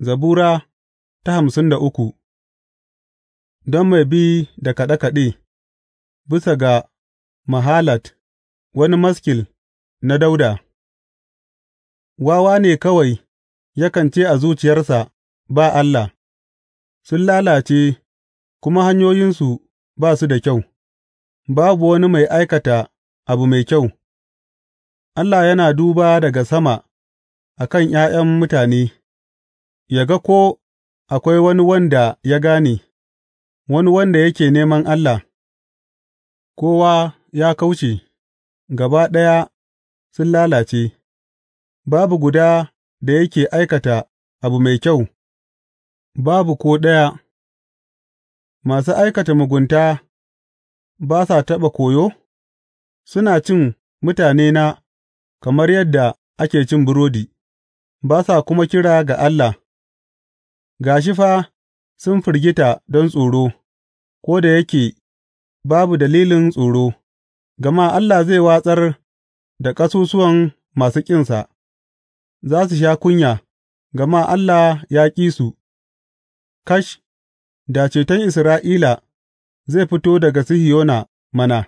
Zabura ta hamsin da uku Don mai bi da kaɗe kaɗe bisa ga mahalat wani maskil na Dauda. Wawa ne kawai yakan ce a zuciyarsa, Ba Allah; sun lalace kuma hanyoyinsu ba su da kyau, babu wani mai aikata abu mai kyau, Allah yana duba daga sama a kan ’ya'yan mutane. yă ga ko akwai wani wanda ya gane, wani wanda yake neman Allah, kowa ya kauce, gaba ɗaya sun lalace, babu guda da yake aikata abu mai kyau, babu ko ɗaya, masu aikata mugunta ba sa taɓa koyo, suna cin mutane na kamar yadda ake cin burodi, ba sa kuma kira ga Allah. Ga shi fa, sun firgita don tsoro, ko da yake babu dalilin tsoro, gama Allah zai watsar da ƙasusuwan masu ƙinsa; za su sha kunya, gama Allah ya ƙi su, Kash, da ceton Isra'ila zai fito daga Sihiyona mana,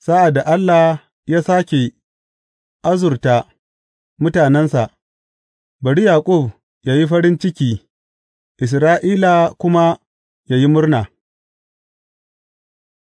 sa'ad da Allah ya sāke azurta mutanensa, bari Yaƙub ya yi farin ciki. Isra'ila kuma yă yi murna.